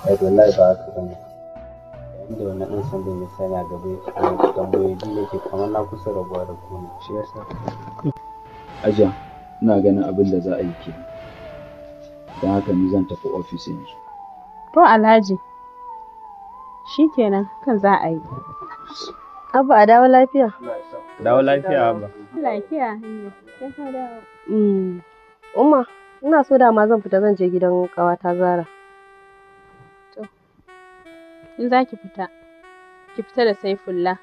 kai wallahi ba haka bane inda wannan ɗan sandan ya sanya gaba ya ci kuma tambayoyi ji yake kamar na kusa rabuwa da kuma shi yasa aja ina ganin abin da za a yi ke don haka ni zan tafi ofis yanzu to alhaji shi kenan kan za a yi abba a dawo lafiya dawo lafiya abba lafiya mm. umma ina so dama zan fita zan je gidan ƙawata zara in za ki fita ki fita da saifullah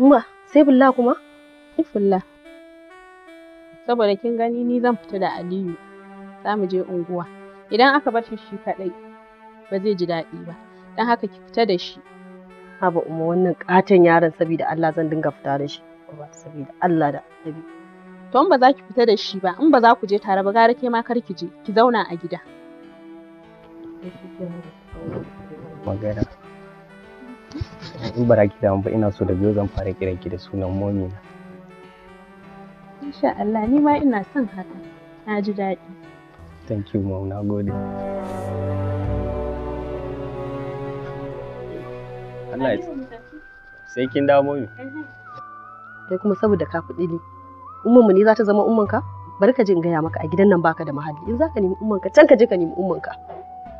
umma saifullah kuma saifullah saboda kin gani ni zan fita da aliyu za mu je unguwa idan aka bar shi shi kaɗai ba zai ji daɗi ba don haka ki fita da shi haba umma wannan katon yaron saboda Allah zan dinga fita da shi ba saboda Allah da annabi to in ba za ki fita da shi ba in ba za ku je tare ba gara ke ma kar ki je ki zauna a gida magana in bara ki damu ba ina so da biyo zan fara kiran ki da sunan momi na insha Allah ni ma ina son haka na ji daɗi thank you mom na gode Allah sai kin dawo momi kai kuma saboda ka kuɗi ne umman ne za ta zama umman ka bari ka je in gaya maka a gidan nan baka da mahalli in zaka nemi umman ka can ka je ka nemi umman ka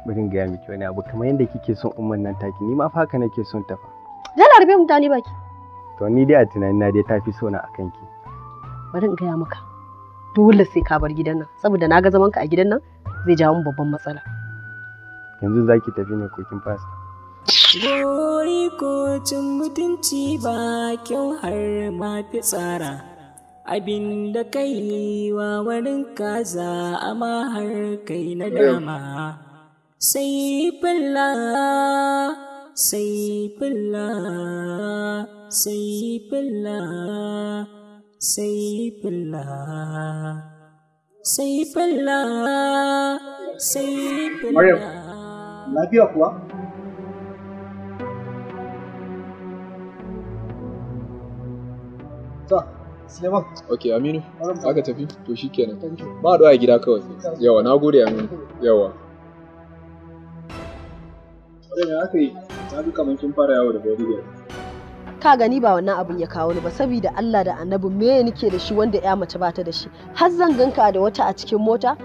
bari in gaya miki wani abu kamar yadda kike son umman nan taki ni ma fa haka nake son ta fa Yana rufe mutane baki. To ni dai a tunanin na dai tafi sona a akan ki. Bari in gaya maka. Dole sai ka bar gidan nan saboda na ga zaman ka a gidan nan zai jawo mu babban matsala. Yanzu zaki tafi ne ko kin fasa? Gori ko cin mutunci ba kyau har ma fi tsara. Abin da kai wa wani kaza amma har kai na dama. Sai fulla sai fulla sai kuwa Ok, Aminu. Aka tafi? To shi kenan. Ba a gida kawai. Yawa, na gode Aminu. Yawa. Wadda aka yi? Na fara yawo da bodyguard. Ka gani ba wannan abin ya kawo ni ba saboda Allah da Annabi me nake da shi wanda ya mace bata da shi. Har zan ganka da wata a cikin mota?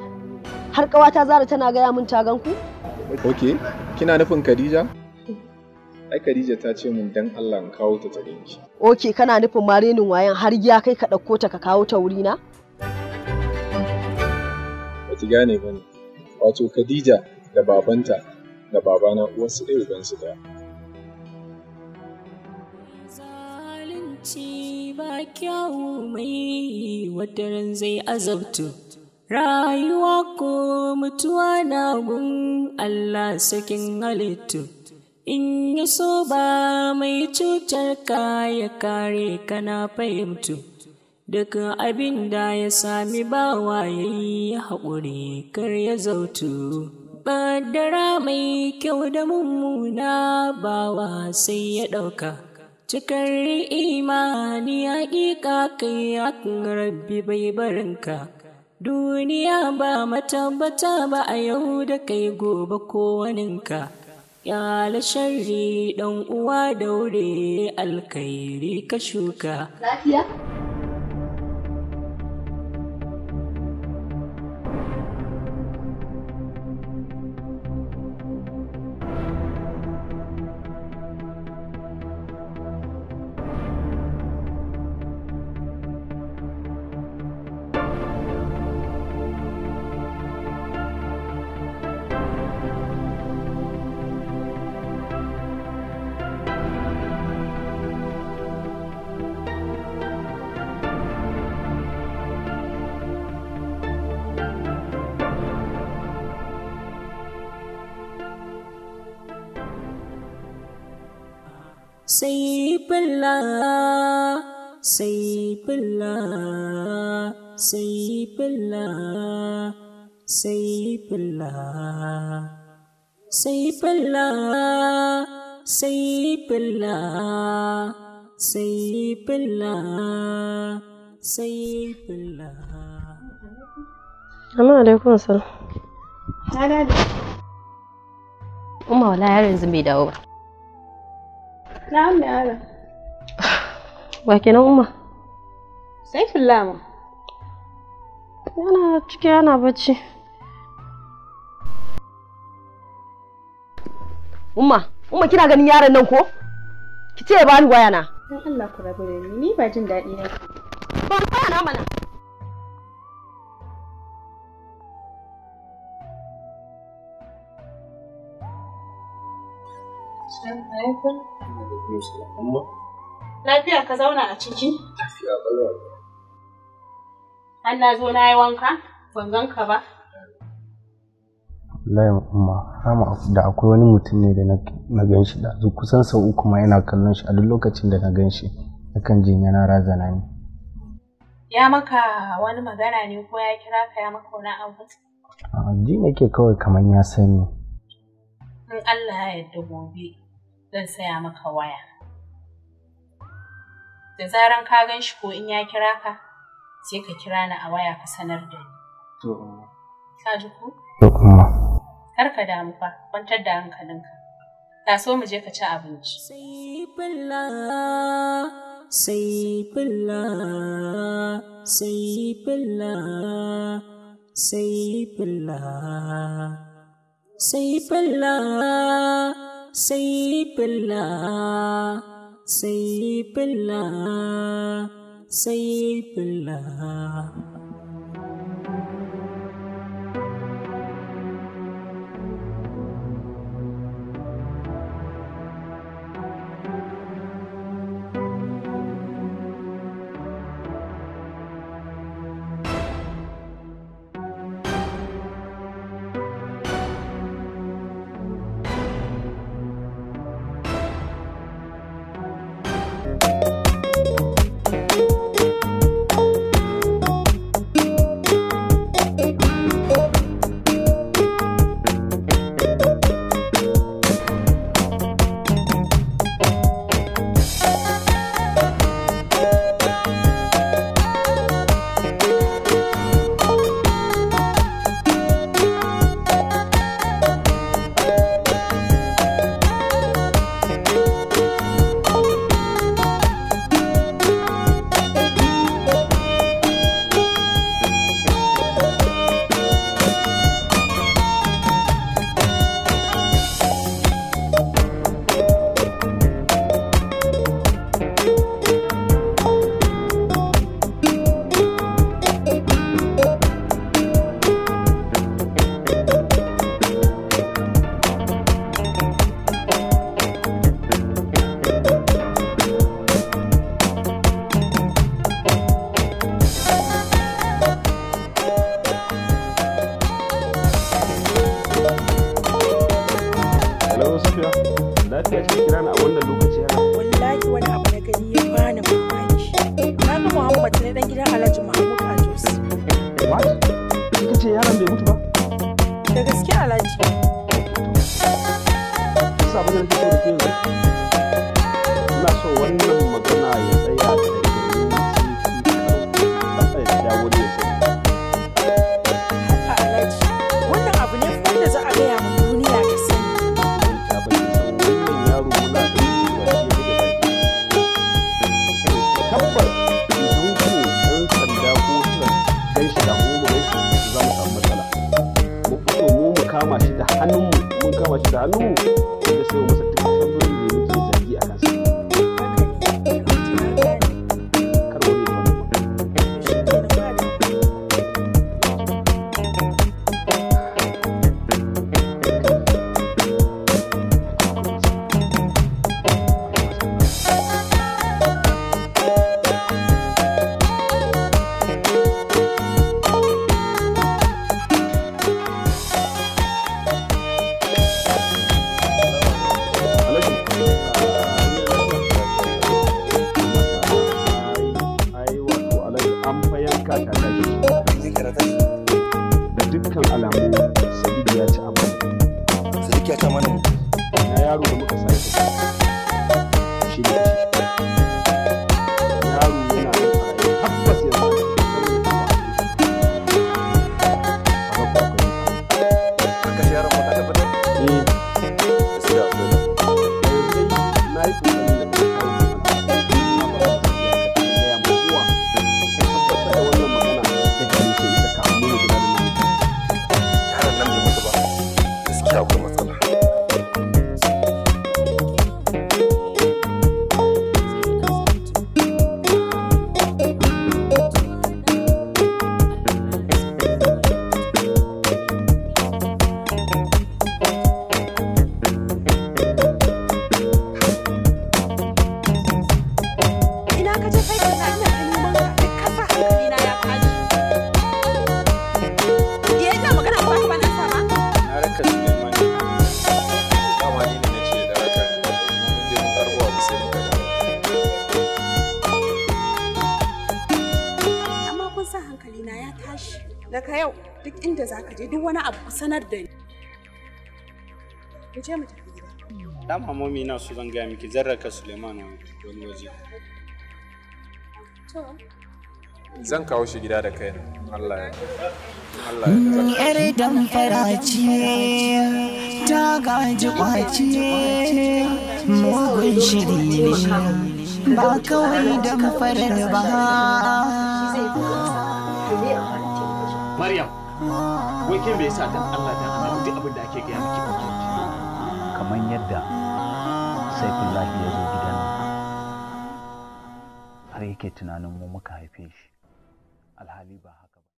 Har kawata Zara tana gaya min ta ganku? Okay, kina nufin Khadija? Ai Khadija ta ce mun dan Allah in kawo ta tare ki. Okay, kana nufin Marinin wayan har giya kai ka ɗauko ta ka kawo ta wurina? Ba ki gane ba ne. Wato Khadija da babanta da babana uwarsu ɗaya ubansu ɗaya. ci ba kyawu mai wata ran zai azabtu rayuwa ko mutuwa na gun Allah sakin halittu in yi so ba mai cutar ka ya kare kana fahimtu duk abin da ya sami bawa ya yi haƙuri kar ya zautu Badara mai kyau da mummuna bawa sai ya ɗauka. cikar imani ya ƙiƙa kai ya rabbi bai barinka duniya ba matabbata ba a yau da kai gobe ko waninka yala sharri ɗan uwa daure alkhairi ka shuka lafiya sai bala sai bala sai bala sai bala sai bala da kuma wala yaron zumbi dawo ba umma? Sai fillama. Yana ciki yana bacci. Umma, kina ganin yaron nan ko? Ki ce ba ni waya na. Dan Allah ku rabu da ni, ba jin daɗi Ba na mana. Can haifin? Lafiya ka zauna a ciki? Lafiya ba zo na yi wanka? Ban gan ka ba? Wallahi umma, hama da akwai wani mutum ne da na gan shi da kusan sau uku ma yana kallon shi a duk lokacin da na gan shi nakan jin yana razana ni. Ya maka wani magana ne ko ya kira ka ya maka wani abu? Ji nake kawai kamar ya sani. in Allah ya yarda gobe zan saya maka waya. Da zaran ka gan shi ko in ya kira ka, sai ka kira ni a waya ka sanar da ni. Ka ji ko? Kar ka damu fa, kwantar da hankalinka. Ta so mu je ka ci abinci. Sai bulla, sai bulla, sai sai sai falla sai falla sai falla sai falla Alhaji Mahmud a ce yaron bai mutu ba? Da gaske Alhaji. abin da nake so da ke yanzu. Ina so wannan magana ya tsaya da ke yi sai da ya já Welcome. inda za ka je duk wani abu ku sanar da ni. Ku mu tafi gida. Da mamomi na su zan gaya miki zarraka Suleiman wani waje. To. Zan kawo shi gida da kai Allah ya. Allah ya. Yar dan ce ta gaji kwace mugun shiri ne ba kawai damfarar ba. Maryam. wai ke me yasa dan Allah dan Allah duk abin da ake gaya miki ba kamar yadda Saifullahi ya zo gidan har yake tunanin mu muka haife shi alhali ba